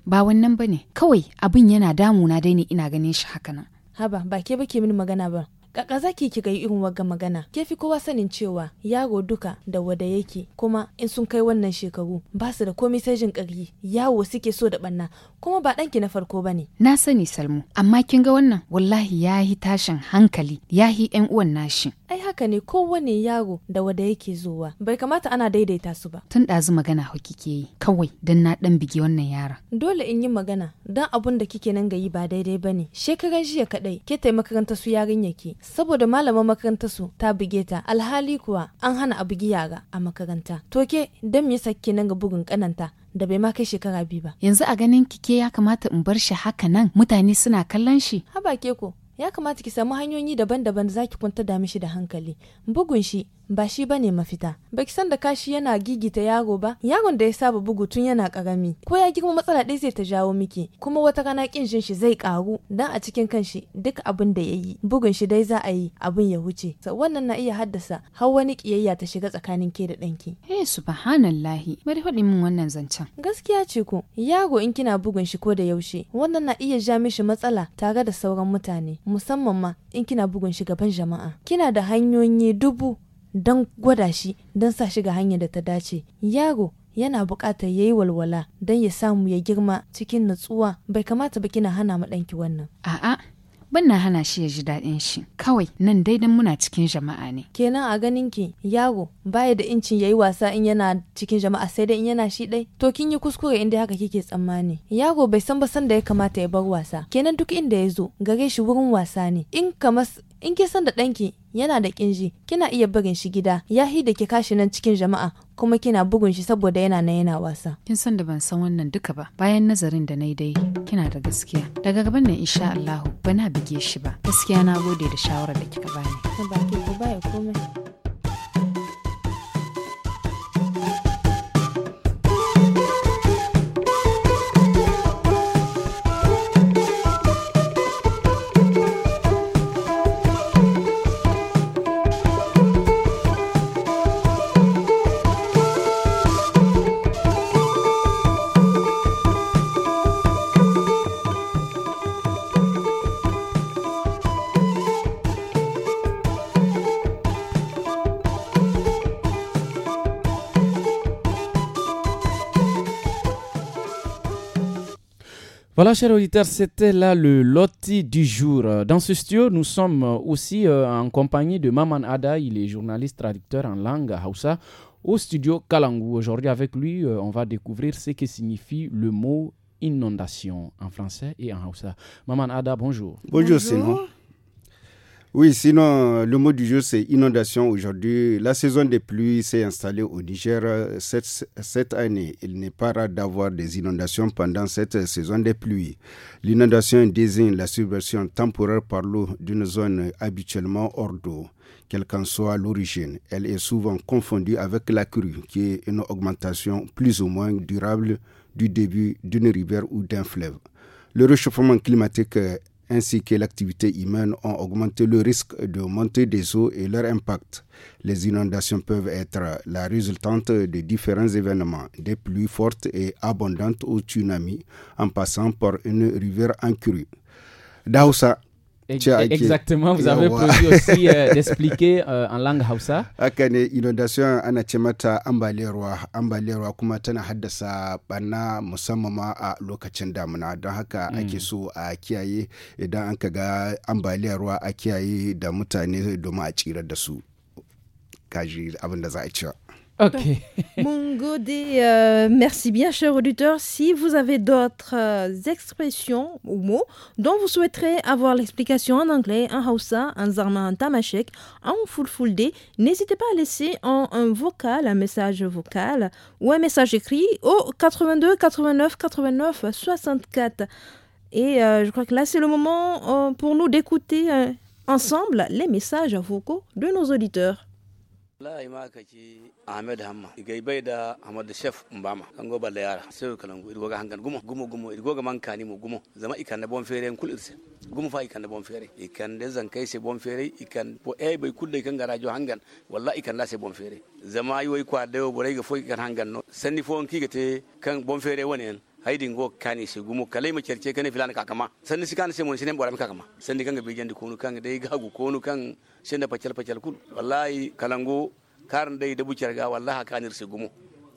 ba wannan ba ne kawai abin yana damuna dai ne ina ganin shi haka nan haba ba ke ba ke mini magana ba Kaka zaki ki ga irin wagga magana. Ke fi kowa sanin cewa yaro duka da wada yake kuma in sun kai wannan shekaru ba su da komai sai jin ƙarfi yawo suke so da banna kuma ba ɗanki na farko bane. Na sani Salmu amma kin ga wannan wallahi ya yi tashin hankali ya yi yan uwan nashi. Ai haka ne kowane yaro da wada yake zowa bai kamata ana daidaita su ba. Tun ɗazu magana ke yi kawai don na ɗan bigi wannan yara. Dole in yi magana don abun da kike nan ga yi ba daidai bane. Shekaran jiya kaɗai ke taimakaran su yarinya saboda malamar makarantar su ta buge ta alhali kuwa an hana a bugi yara a makaranta to ke dan me yasa nan ga bugun kananta da bai ma kai shekara biyu ba yanzu a ganin kike ya kamata in bar shi haka nan mutane suna kallon shi haba ke ko ya kamata ki samu hanyoyi daban-daban da zaki kwanta da mishi da hankali bugun shi ba shi ba ne mafita Ba ki san da kashi yana gigita yaro ba yaron da ya saba bugu tun yana karami ko ya girma matsala ɗaya zai ta jawo miki kuma wata rana kin jin shi zai karu dan a cikin kanshi duk abin da yayi bugun shi dai za a yi abin ya wuce sa wannan na iya haddasa har wani kiyayya ta shiga tsakanin ke da danki. eh hey, subhanallahi bari faɗi min wannan zancen gaskiya ce ko yaro in kina bugun shi ko da yaushe wannan na iya ja mishi matsala tare da sauran mutane musamman ma in kina bugun shi gaban jama'a kina da hanyoyi dubu don gwada shi don sa shi ga hanyar da ta dace yaro yana buƙatar ya yi walwala don ya samu ya girma cikin natsuwa bai kamata ba kina hana maɗanki wannan a'a ban na hana shi ya ji daɗin shi kawai nan daidan muna cikin jama'a ne kenan a ganin ki yaro baya da incin yayi wasa in yana cikin jama'a sai dai in yana shi ɗai to kin yi kuskure inda haka kike tsammani yaro bai san ba san da ya kamata ya bar wasa kenan duk inda ya zo gare shi wurin wasa ne in kamar in ki san da ɗanki yana da ƙinji kina iya barin shi gida ya hi da ki kashi nan cikin jama'a kuma kina bugun shi saboda yana na yana wasa kin san da ban san wannan duka ba bayan nazarin da nayi dai kina da gaskiya daga gaban nan insha Allah na bige shi ba gaskiya na gode da shawara da kika bani ba ki ba ya komai Voilà, chers auditeurs, c'était là le loti du jour. Dans ce studio, nous sommes aussi euh, en compagnie de Maman Ada, il est journaliste traducteur en langue Hausa au studio Kalangu. Aujourd'hui, avec lui, euh, on va découvrir ce que signifie le mot inondation en français et en Hausa. Maman Ada, bonjour. Bonjour, bonjour. Oui, sinon, le mot du jour, c'est inondation aujourd'hui. La saison des pluies s'est installée au Niger cette, cette année. Il n'est pas rare d'avoir des inondations pendant cette saison des pluies. L'inondation désigne la subversion temporaire par l'eau d'une zone habituellement hors d'eau quelle qu'en soit l'origine. Elle est souvent confondue avec la crue, qui est une augmentation plus ou moins durable du début d'une rivière ou d'un fleuve. Le réchauffement climatique ainsi que l'activité humaine ont augmenté le risque de montée des eaux et leur impact. Les inondations peuvent être la résultante de différents événements, des pluies fortes et abondantes aux tsunamis, en passant par une rivière en crue. Daoussa, Exactement, vous avez prévu aussi euh, d'expliquer euh, en langue Hausa. Haka ne inondation ana ce mata ambaliyar ruwa, ambaliyar ruwa kuma tana haddasa bana musamman ma a lokacin damuna don haka hmm. ake so a kiyaye idan an ka ga ambaliyar ruwa a kiyaye da mutane domin a tsirar da su. Kaji abin da za a cewa. Ok. mon euh, merci bien, cher auditeur. Si vous avez d'autres euh, expressions ou mots dont vous souhaiterez avoir l'explication en anglais, en hausa, en zarma, en tamashek, en fulfulde, n'hésitez pas à laisser en un vocal, un message vocal ou un message écrit au 82 89 89 64. Et euh, je crois que là, c'est le moment pour nous d'écouter ensemble les messages vocaux de nos auditeurs. layi ma ka ci ahmed hamma gai bai da ahmad chef mbama kan go balla yara sai kalan irgo ga hangan gumo gumo gumo irgo ga man kani mu gumo zama ikan da bon fere kul irse gumo fa ikan da bon fere ikan da zan kai se bon fere ikan po e eh, bai kul da ikan garajo hangan walla ikan la se bon fere zama yi wai kwa da bore ga fo ikan hangan no sanni fo on ki ga te kan bon fere wani haidin ngo kani se gumo kalai ma cerce kane filan ka kama sanni sikana se mon sinen bora ka kama sanni kanga be jandi konu kanga dai gagu konu kan senda pacal pacal kul wallahi kalango karan dai da bucer ga wallahi kanir se gumo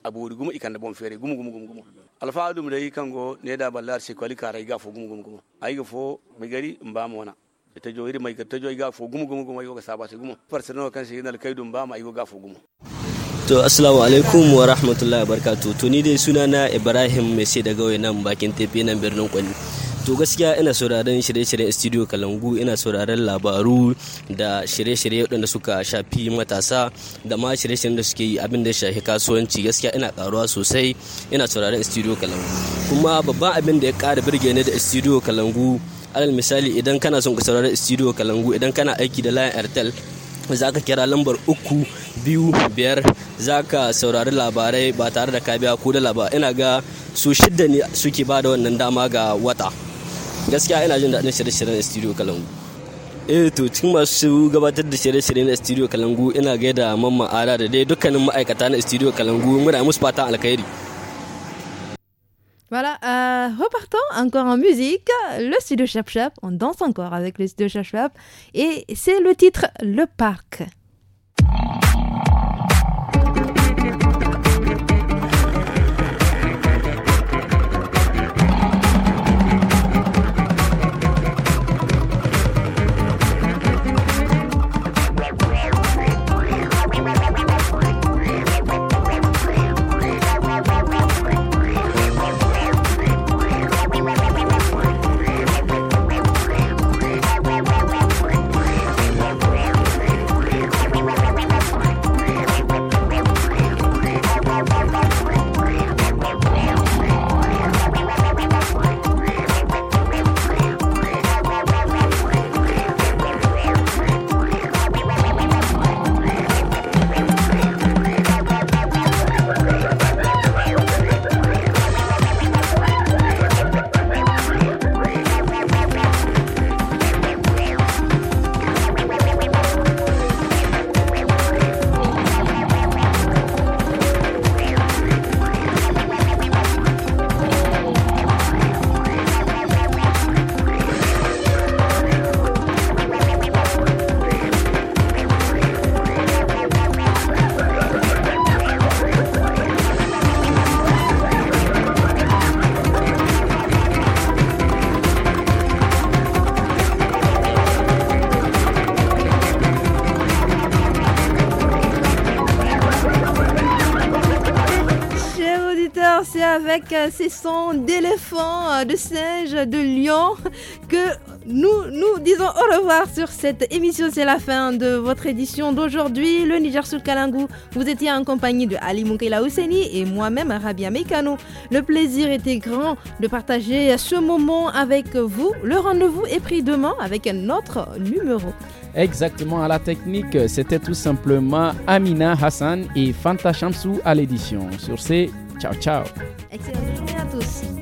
abori gumo da bon fere gumo gumo gumo gumo alfa dum dai kango ne da ballar se kwali kara ga fo gumo gumo gumo ai ga fo mai gari mba mo wana ita jo iri mai ga ta jo ga fo gumo gumo gumo ai ga sabata gumo farsano kan se yinal kaidum ba ma ai ga fo gumo To assalamu alaikum wa rahmatullahi barkatu. To ni dai suna na Ibrahim mai sai daga gawai nan bakin tafi nan birnin Kwani. To gaskiya ina sauraron shirye-shiryen studio Kalangu ina sauraron labaru da shirye-shirye waɗanda suka shafi matasa da ma shirye-shiryen da suke yi abin da shafi kasuwanci gaskiya ina karuwa sosai ina sauraron studio Kalangu. Kuma babban abin da ya ƙara birge ni da studio Kalangu alal misali idan kana son ka saurari studio Kalangu idan kana aiki da layin Airtel za ka kira lambar uku biyu biyar za ka saurari labarai ba tare da ka biya ko dala ba ina ga su shidda ne suke ba da wannan dama ga wata gaskiya ina jin daɗin shirye-shiryen studio kalangu eh to cikin masu gabatar da shirye-shirye na studio kalangu ina gaida mamma ara da dai dukkanin ma'aikata na studio kalangu muna musu fatan alkhairi Voilà, euh, repartons encore en musique. Le studio Chap Chap, on danse encore avec le studio Chap Chap. Et c'est le titre Le Parc. Euh, ces sons d'éléphants, euh, de singes, de lions que nous nous disons au revoir sur cette émission. C'est la fin de votre édition d'aujourd'hui, le Niger sur Kalangu. Vous étiez en compagnie de Ali Moukela Ousseni et moi-même, Rabia Mekano. Le plaisir était grand de partager ce moment avec vous. Le rendez-vous est pris demain avec un autre numéro. Exactement, à la technique, c'était tout simplement Amina Hassan et Fanta Shamsou à l'édition. Sur ces, Tchau, tchau. É